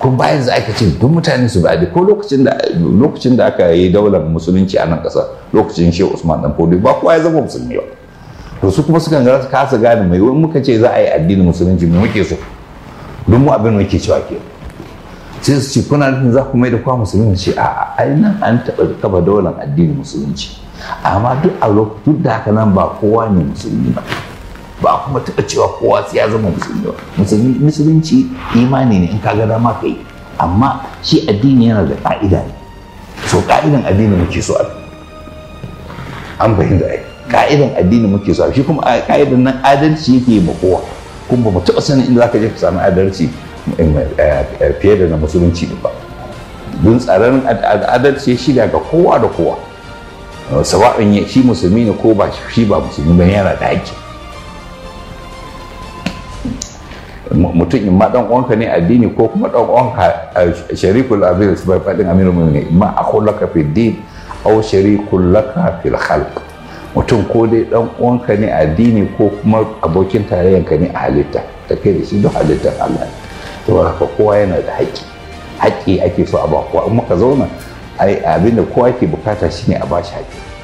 kuma ba yanzu aka ce duk mutane su bi ko lokacin da lokacin da aka yi daular musulunci a nan kasa, lokacin shi usman dan fodi ba kowa ya zama musulmi ba to su kuma sukan ga kasa gane mai wani muka ce za a yi addinin musulunci mu muke so duk mu abin muke cewa ke sai su ce kuna nufin za ku mai da kwa musulmi ce a ai nan an taɓa kafa daular addinin musulunci amma duk a lokacin da haka nan ba kowa ne musulmi ba ba kuma taɓa cewa kowa sai ya zama musulmi ba musulunci imani ne in ka ga dama kai amma shi addini yana da ƙa'ida ne so ƙa'idan addini muke so a an fahimta ai ƙa'idan addini muke so a shi kuma ƙa'idan nan adalci yake ma kowa kuma ba mu taɓa sanin inda zaka je ka samu adalci eh, eh, eh, fiye da na musulunci ba don tsaron adalci ya shirya ga kowa da kowa sawa'in shi musulmi ne ko ba shi ba musulmi ba yana da haƙƙi mutum in ma dan uwanka ne addini ko kuma dan uwanka sharikul abin bai faɗin amirul ne. ma akhulaka fi din au sharikul laka fil khalq mutum ko dai dan uwanka ne addini ko kuma abokin tarayyanka ne a halitta da kai da shi duk halittar Allah to ka kowa yana da haƙƙi haƙƙi ake so a ba kowa in muka zauna ai abinda kowa ke bukata shine a bashi haƙƙi